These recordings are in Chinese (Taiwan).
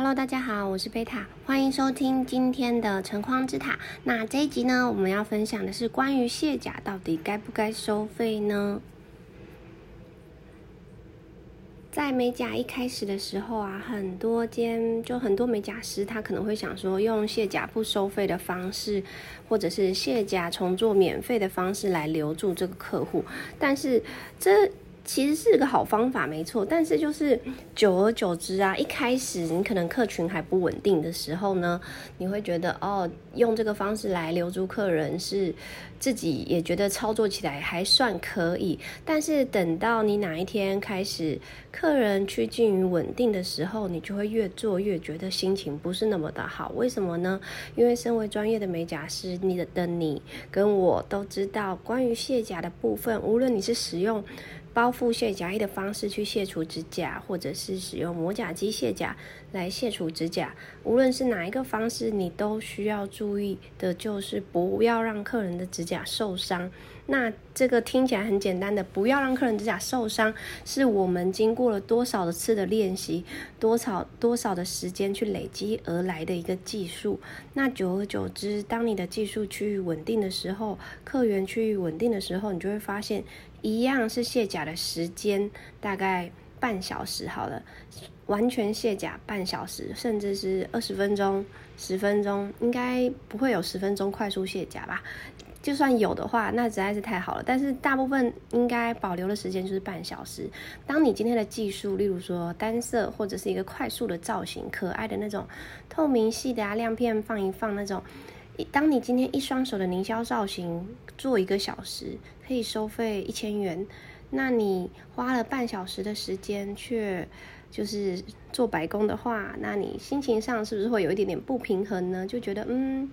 Hello，大家好，我是貝塔，歡迎收聽今天的城框之塔。那這一集呢，我們要分享的是關於卸甲到底該不該收費呢？在美甲一開始的時候啊，很多間就很多美甲師，他可能會想說用卸甲不收費的方式，或者是卸甲重做免費的方式來留住這個客戶，但是這。其實是個好方法，沒錯。但是就是久而久之啊，一開始你可能客群還不穩定的時候呢，你會覺得哦，用這個方式來留住客人是自己也覺得操作起來還算可以。但是等到你哪一天開始客人趨近於穩定的時候，你就會越做越覺得心情不是那麼的好。為什麼呢？因為身為專業的美甲師，你的的你跟我都知道，關於卸甲的部分，無論你是使用包覆卸甲液的方式去卸除指甲，或者是使用磨甲機卸甲來卸除指甲。無論是哪一個方式，你都需要注意的就是不要讓客人的指甲受傷。那這個聽起來很簡單的，不要讓客人指甲受傷，是我們經過了多少次的練習，多少多少的時間去累積而來的一個技術。那久而久之，當你的技術趨於穩定的時候，客源趨於穩定的時候，你就會發現。一樣是卸甲的時間，大概半小時好了，完全卸甲半小時，甚至是二十分鐘、十分鐘，應該不會有十分鐘快速卸甲吧？就算有的話，那實在是太好了。但是大部分應該保留的時間就是半小時。當你今天的技術，例如說單色或者是一個快速的造型，可愛的那種透明系的啊，亮片放一放那種。當你今天一雙手的凝膠造型做一個小時，可以收費一千元，那你花了半小時的時間，卻就是做白工的話，那你心情上是不是會有一點點不平衡呢？就覺得嗯，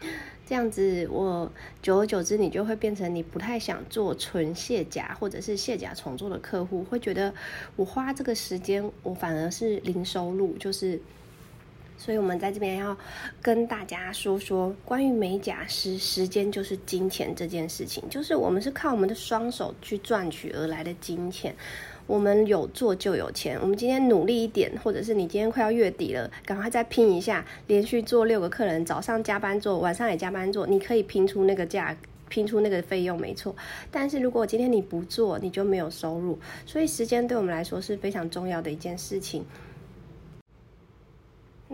這樣子我久而久之，你就會變成你不太想做純卸甲或者是卸甲重做的客戶，會覺得我花這個時間，我反而是零收入，就是。所以，我們在這邊要跟大家說說關於美甲師，時間就是金錢這件事情。就是我們是靠我們的雙手去賺取而來的金錢，我們有做就有錢。我們今天努力一點，或者是你今天快要月底了，趕快再拼一下，連續做六個客人，早上加班做，晚上也加班做，你可以拼出那個價，拼出那個費用，沒錯。但是如果今天你不做，你就沒有收入。所以，時間對我們來說是非常重要的一件事情。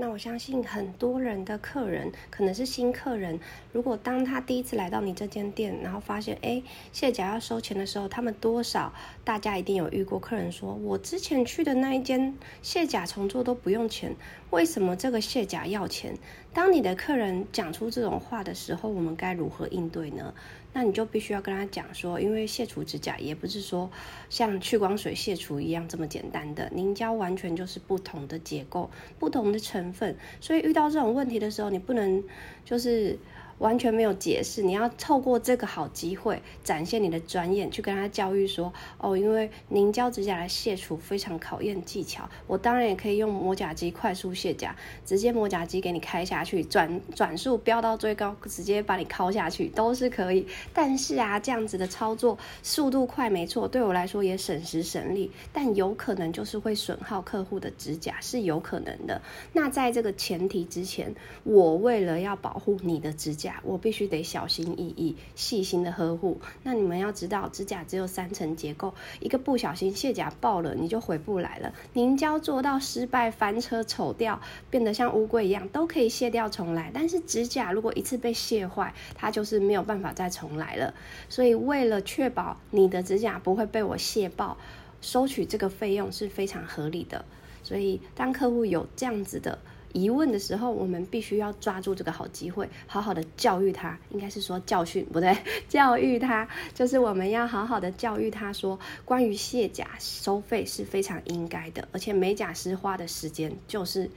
那我相信很多人的客人可能是新客人，如果當他第一次來到你這間店，然後發現哎，卸甲要收錢的時候，他們多少大家一定有遇過客人說，我之前去的那一間卸甲重做都不用錢，為什麼這個卸甲要錢？當你的客人講出這種話的時候，我們該如何應對呢？那你就必須要跟他講說，因為卸除指甲也不是說像去光水卸除一樣這麼簡單的，凝膠完全就是不同的結構、不同的成分，所以遇到這種問題的時候，你不能就是。完全沒有解釋，你要透過這個好機會展現你的專業，去跟他教育說：哦，因為凝膠指甲來卸除非常考驗技巧，我當然也可以用磨甲機快速卸甲，直接磨甲機給你開下去，轉轉速飆到最高，直接把你敲下去都是可以。但是啊，這樣子的操作速度快，沒錯，對我來說也省時省力，但有可能就是會損耗客戶的指甲，是有可能的。那在這個前提之前，我為了要保護你的指甲。我必須得小心翼翼、細心的呵護。那你們要知道，指甲只有三層結構，一個不小心卸甲爆了，你就回不來了。凝膠做到失敗、翻車、醜掉，變得像烏龜一樣，都可以卸掉重來。但是指甲如果一次被卸壞，它就是沒有辦法再重來了。所以為了確保你的指甲不會被我卸爆，收取這個費用是非常合理的。所以當客戶有這樣子的。疑問的時候，我們必須要抓住這個好機會，好好的教育他，應該是說教訓不對，教育他，就是我們要好好的教育他說，關於卸甲收費是非常應該的，而且美甲師花的時間就是。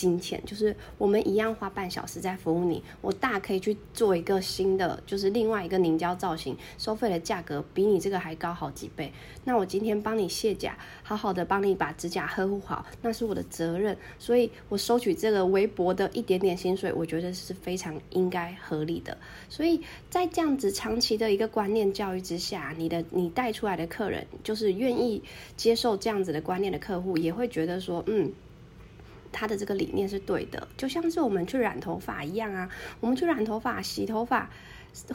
金錢就是我們一樣花半小時在服務你，我大可以去做一個新的，就是另外一個凝膠造型，收費的價格比你這個還高好幾倍。那我今天幫你卸甲，好好的幫你把指甲呵護好，那是我的責任，所以我收取這個微薄的一點點薪水，我覺得是非常應該合理的。所以在這樣子長期的一個觀念教育之下，你的你帶出來的客人，就是願意接受這樣子的觀念的客戶，也會覺得說，嗯。他的這個理念是對的，就像是我們去染頭髮一樣啊，我們去染頭髮、洗頭髮。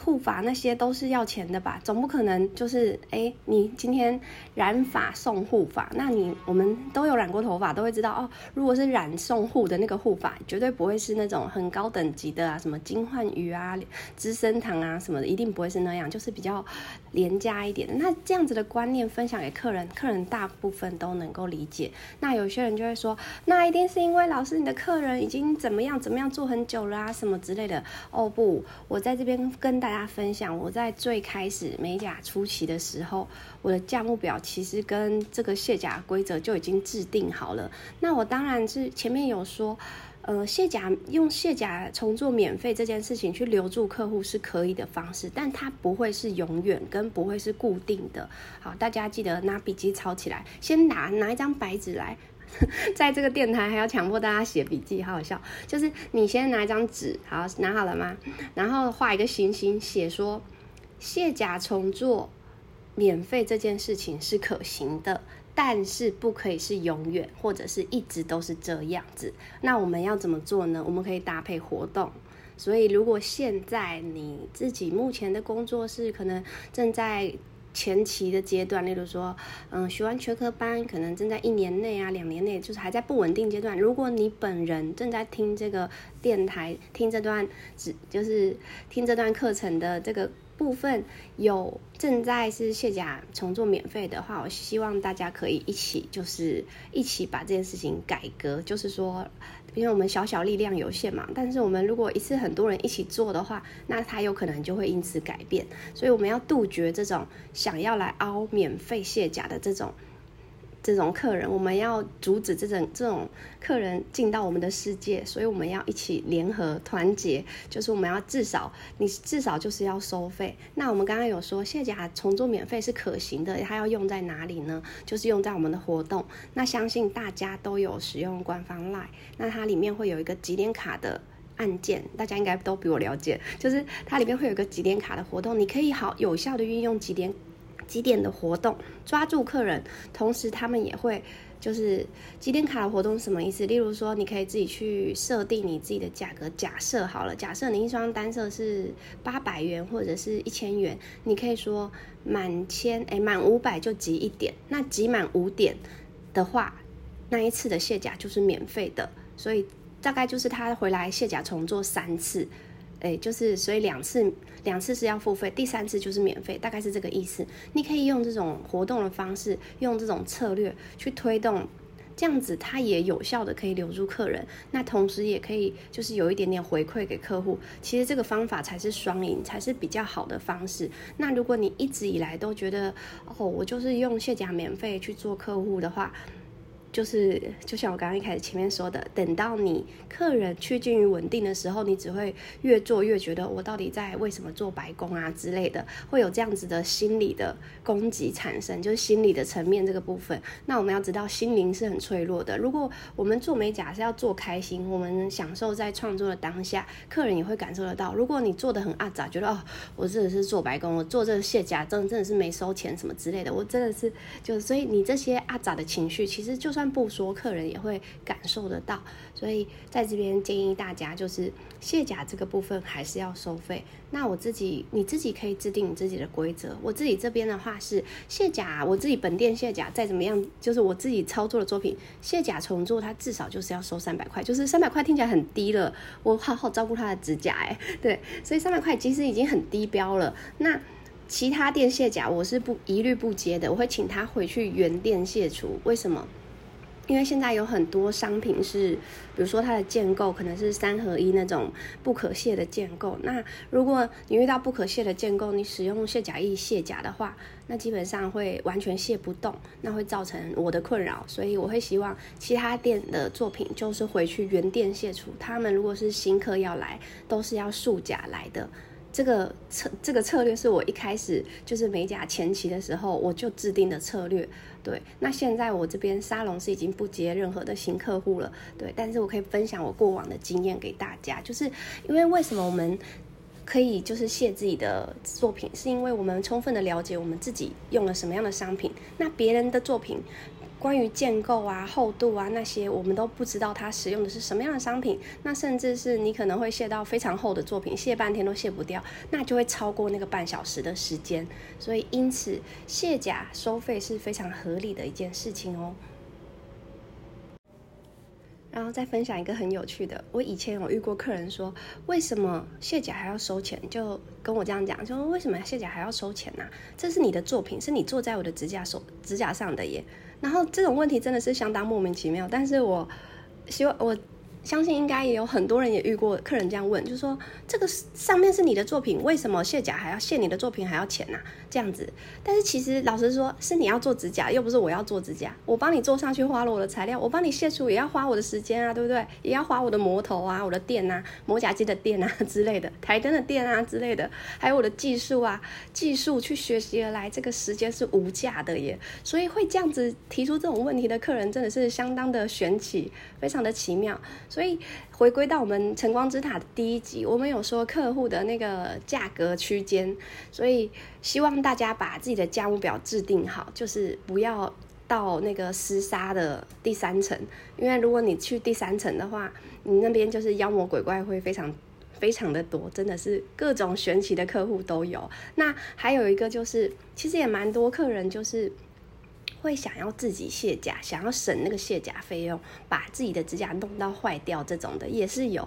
護髮那些都是要錢的吧，總不可能就是哎、欸，你今天染髮送護髮。那你我們都有染過頭髮，都會知道哦。如果是染送護的那個護髮，絕對不會是那種很高等級的啊，什麼金煥魚啊、資生堂啊什麼的，一定不會是那樣，就是比較廉價一點。那這樣子的觀念分享給客人，客人大部分都能夠理解。那有些人就會說，那一定是因為老師你的客人已經怎麼樣怎麼樣做很久了啊，什麼之類的。哦不，我在這邊。跟大家分享，我在最開始美甲初期的時候，我的價目表其實跟這個卸甲規則就已經制定好了。那我當然是前面有說，呃，卸甲，用卸甲重做免費這件事情去留住客戶是可以的方式，但它不會是永遠跟不會是固定的。好，大家記得拿筆記抄起來，先拿拿一張白紙來。 在這個電台還要強迫大家寫筆記，好好笑。就是你先拿一張紙，好，拿好了嗎？然後畫一個星星，寫說卸甲重做免費這件事情是可行的，但是不可以是永遠或者是一直都是這樣子。那我們要怎麼做呢？我們可以搭配活動。所以如果現在你自己目前的工作室可能正在。前期的階段，例如說，嗯，學完學科班，可能正在一年內啊，兩年內，就是還在不穩定階段。如果你本人正在聽這個電台，聽這段，只就是聽這段課程的這個。部分有正在是卸甲、重做免費的話，我希望大家可以一起，就是一起把這件事情改革。就是說，因為我們小小力量有限嘛，但是我們如果一次很多人一起做的話，那他有可能就會因此改變。所以我們要杜絕這種想要來凹免費卸甲的這種。這種客人，我們要阻止這種這種客人進到我們的世界，所以我們要一起聯合團結，就是我們要至少，你至少就是要收費。那我們剛剛有說，卸甲重做免費是可行的，它要用在哪裡呢？就是用在我們的活動。那相信大家都有使用官方 LINE，那它裡面會有一個集點卡的按鍵，大家應該都比我了解，就是它裡面會有一個集點卡的活動，你可以好有效的運用集點。集點的活動抓住客人，同時他們也會就是集點卡的活動什麼意思？例如說，你可以自己去設定你自己的價格。假設好了，假設你一雙單色是八百元或者是一千元，你可以說滿千哎、欸、滿五百就集一點，那集滿五點的話，那一次的卸甲就是免費的。所以大概就是他回來卸甲重做三次，哎，就是所以兩次兩次是要付費，第三次就是免費，大概是這個意思。你可以用這種活動的方式，用這種策略去推動，這樣子它也有效的可以留住客人，那同時也可以就是有一點點回饋給客戶。其實這個方法才是雙贏，才是比較好的方式。那如果你一直以來都覺得哦，我就是用卸甲免費去做客戶的話，就是就像我剛剛一開始前面說的，等到你客人趨近於穩定的時候，你只會越做越覺得我到底在為什麼做白工啊之類的，會有這樣子的心理的攻擊產生，就是心理的層面這個部分。那我們要知道心靈是很脆弱的。如果我們做美甲是要做開心，我們享受在創作的當下，客人也會感受得到。如果你做的很阿雜，覺得哦，我真的是做白工，我做這個卸甲真的，真的是沒收錢什麼之類的，我真的是就所以你這些阿雜的情緒，其實就算，不說客人也會感受得到，所以在這邊建議大家，就是卸甲這個部分還是要收費。那我自己，你自己可以制定你自己的規則。我自己這邊的話是卸甲，我自己本店卸甲再怎麼樣，就是我自己操作的作品卸甲重做，它至少就是要收三百塊。就是三百塊聽起來很低了，我好好照顧他的指甲、欸，誒，對，所以三百塊其實已經很低標了。那其他店卸甲我是不一律不接的，我會請他回去原店卸除。為什麼？因為現在有很多商品是，比如說它的建構可能是三合一那種不可卸的建構。那如果你遇到不可卸的建構，你使用卸甲液卸甲的話，那基本上會完全卸不動，那會造成我的困擾。所以我會希望其他店的作品就是回去原店卸除。他們如果是新客要來，都是要素甲來的。這個策，這個策略，是我一開始就是美甲前期的時候我就制定的策略。對，那現在我這邊沙龍是已經不接任何的新客戶了。對，但是我可以分享我過往的經驗給大家，就是因為為什麼我們可以就是卸自己的作品，是因為我們充分的了解我們自己用了什麼樣的商品，那別人的作品。關於建構啊、厚度啊那些，我們都不知道它使用的是什麼樣的商品。那甚至是你可能會卸到非常厚的作品，卸半天都卸不掉，那就會超過那個半小時的時間。所以，因此卸甲收費是非常合理的一件事情哦。然後再分享一個很有趣的，我以前有遇過客人說：“為什麼卸甲還要收錢？”就跟我這樣講：“就說為什麼卸甲還要收錢呢、啊？這是你的作品，是你做在我的指甲手指甲上的耶。”然後這種問題真的是相當莫名其妙，但是我希望我。相信應該也有很多人也遇過客人這樣問，就說這個上面是你的作品，為什麼卸甲還要卸你的作品還要錢吶？這樣子，但是其實老實說，是你要做指甲，又不是我要做指甲。我幫你做上去花了我的材料，我幫你卸除也要花我的時間啊，對不對？也要花我的磨頭啊，我的電啊，磨甲機的電啊之類的，台燈的電啊之類的，還有我的技術啊，技術去學習而來，這個時間是無價的耶。所以會這樣子提出這種問題的客人，真的是相當的玄奇，非常的奇妙。所以回歸到我們晨光之塔的第一集，我們有說客戶的那個價格區間，所以希望大家把自己的價目表制定好，就是不要到那個廝殺的第三層，因為如果你去第三層的話，你那邊就是妖魔鬼怪會非常非常的多，真的是各種玄奇的客戶都有。那還有一個就是，其實也蠻多客人就是。會想要自己卸甲，想要省那個卸甲費用，把自己的指甲弄到壞掉這種的也是有。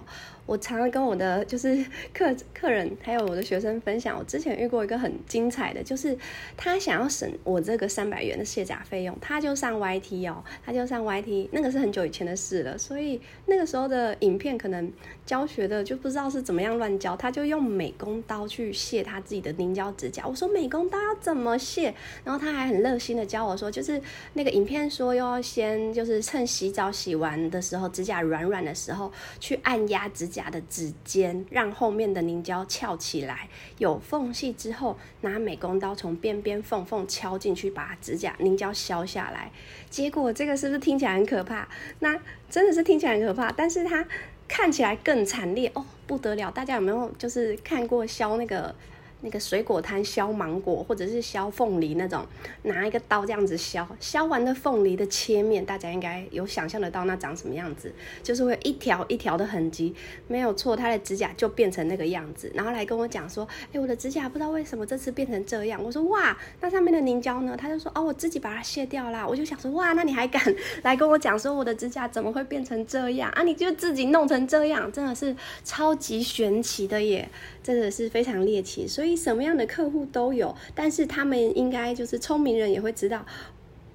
我常常跟我的就是客客人還有我的學生分享，我之前遇過一個很精彩的，就是他想要省我這個三百元的卸甲費用，他就上 YT 哦、喔，他就上 YT，那個是很久以前的事了，所以那個時候的影片，可能教學的就不知道是怎麼樣亂教，他就用美工刀去卸他自己的凝膠指甲，我說美工刀要怎麼卸？然後他還很熱心的教我說，就是那個影片說要先就是趁洗澡洗完的時候，指甲軟軟的時候去按壓指甲。甲的指尖，讓後面的凝膠翹起來，有縫隙之後，拿美工刀從邊邊縫縫敲進去，把指甲凝膠削下來。結果這個是不是聽起來很可怕？那真的是聽起來很可怕，但是它看起來更慘烈哦，不得了！大家有沒有就是看過削那個？那個水果攤削芒果，或者是削鳳梨那種，拿一個刀這樣子削，削完的鳳梨的切面，大家應該有想象得到那長什麼樣子，就是會有一條一條的痕跡，沒有錯，他的指甲就變成那個樣子，然後來跟我講說，哎、欸，我的指甲不知道為什麼這次變成這樣，我說哇，那上面的凝膠呢？他就說啊、哦，我自己把它卸掉啦。我就想說哇，那你還敢來跟我講說我的指甲怎麼會變成這樣啊？你就自己弄成這樣，真的是超級神奇的耶，真的是非常獵奇，所以。什麼樣的客戶都有，但是他們應該就是聰明人也會知道，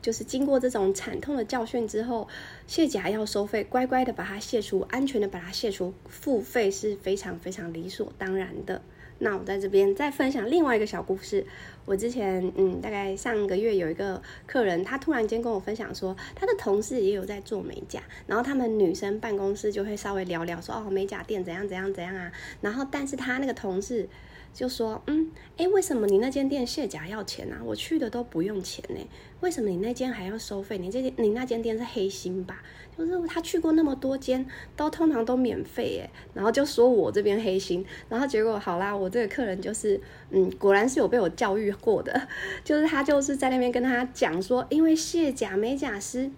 就是經過這種慘痛的教訓之後，卸甲要收費，乖乖的把它卸除，安全的把它卸除，付費是非常非常理所當然的。那我在這邊再分享另外一個小故事，我之前嗯，大概上個月有一個客人，他突然間跟我分享說，他的同事也有在做美甲，然後他們女生辦公室就會稍微聊聊說，說哦美甲店怎樣怎樣怎樣啊，然後但是他那個同事。就說，嗯，哎，為什麼你那間店卸甲要錢啊？我去的都不用錢呢、欸，為什麼你那間還要收費？你這你那間店是黑心吧？就是他去過那麼多間，都通常都免費哎、欸，然後就說我這邊黑心，然後結果好啦，我這個客人就是，嗯，果然是有被我教育過的，就是他就是在那邊跟他講說，因為卸甲美甲師。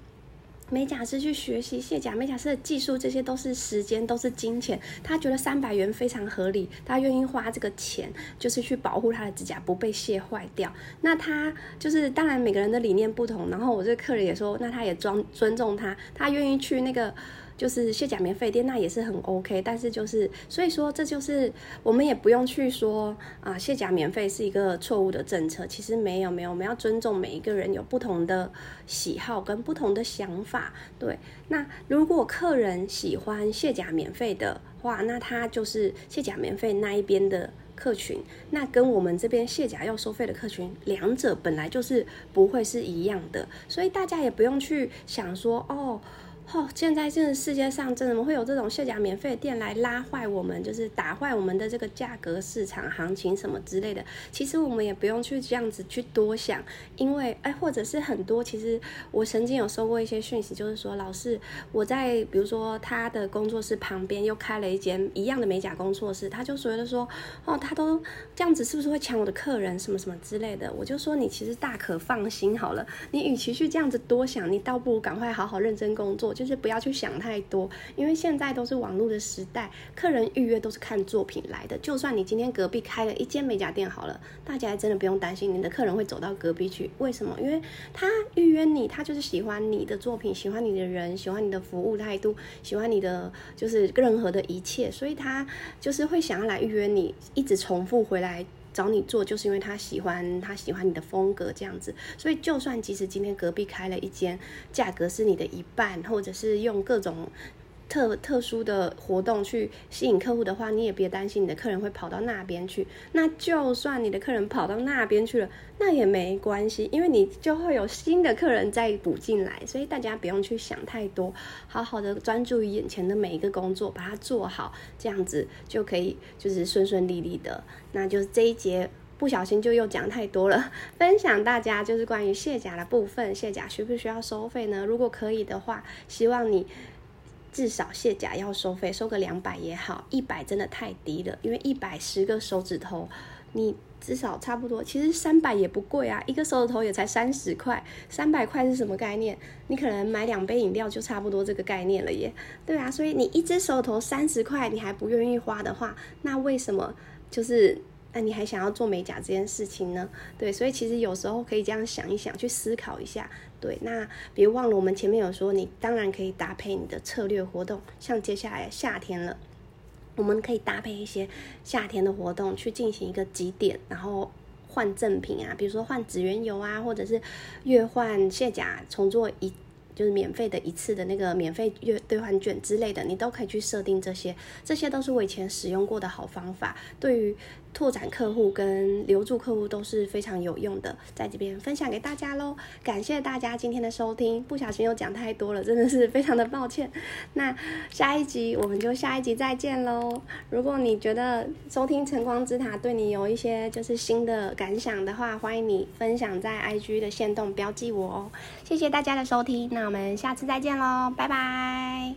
美甲師去學習卸甲，美甲師的技術，這些都是時間，都是金錢。他覺得三百元非常合理，他願意花這個錢，就是去保護他的指甲不被卸壞掉。那他就是，當然每個人的理念不同。然後我這個客人也說，那他也尊重他，他願意去那個。就是卸甲免費店，那也是很 OK。但是就是，所以說這就是我們也不用去說啊，卸甲免費是一個錯誤的政策。其實沒有沒有，我們要尊重每一個人有不同的喜好跟不同的想法。對，那如果客人喜歡卸甲免費的話，那他就是卸甲免費那一邊的客群，那跟我們這邊卸甲要收費的客群，兩者本來就是不會是一樣的。所以大家也不用去想說哦。哦，現在這個世界上，真的會有這種卸甲免費的店來拉壞我們，就是打壞我們的這個價格、市場行情什麼之類的。其實我們也不用去這樣子去多想，因為哎，或者是很多，其實我曾經有收過一些訊息，就是說老師，我在比如說他的工作室旁邊又開了一間一樣的美甲工作室，他就所謂的說哦，他都這樣子，是不是會搶我的客人什麼什麼之類的？我就說你其實大可放心好了，你與其去這樣子多想，你倒不如趕快好好認真工作。就是不要去想太多，因為現在都是網絡的時代，客人預約都是看作品來的。就算你今天隔壁開了一間美甲店好了，大家也真的不用擔心你的客人會走到隔壁去。為什麼？因為他預約你，他就是喜歡你的作品，喜歡你的人，喜歡你的服務態度，喜歡你的就是任何的一切，所以他就是會想要來預約你，一直重複回來。找你做，就是因為他喜歡，他喜歡你的風格這樣子，所以就算即使今天隔壁開了一間，價格是你的一半，或者是用各種。特特殊的活動去吸引客戶的話，你也別擔心你的客人會跑到那邊去。那就算你的客人跑到那邊去了，那也沒關係，因為你就會有新的客人再補進來。所以大家不用去想太多，好好的專注於眼前的每一個工作，把它做好，這樣子就可以就是順順利利的。那就是這一節不小心就又講太多了，分享大家就是關於卸甲的部分，卸甲需不需要收費呢？如果可以的話，希望你。至少卸甲要收費，收個兩百也好，一百真的太低了。因為一百十個手指頭，你至少差不多。其實三百也不貴啊，一個手指頭也才三十塊，三百塊是什麼概念？你可能買兩杯飲料就差不多這個概念了耶。對啊，所以你一隻手指頭三十塊，你還不願意花的話，那為什麼就是？那你還想要做美甲這件事情呢？對，所以其實有時候可以這樣想一想，去思考一下。對，那別忘了我們前面有說，你當然可以搭配你的策略活動，像接下來夏天了，我們可以搭配一些夏天的活動去進行一個集點，然後換贈品啊，比如說換指緣油啊，或者是月換卸甲重做一。就是免費的一次的那個免費月兌換券之類的，你都可以去設定這些，這些都是我以前使用過的好方法，對於拓展客戶跟留住客戶都是非常有用的，在這邊分享給大家嘍。感謝大家今天的收聽，不小心又講太多了，真的是非常的抱歉。那下一集我們就下一集再見嘍。如果你覺得收聽晨光之塔對你有一些就是新的感想的話，歡迎你分享在 IG 的限動標記我哦。謝謝大家的收聽，那我們下次再見嘍，拜拜。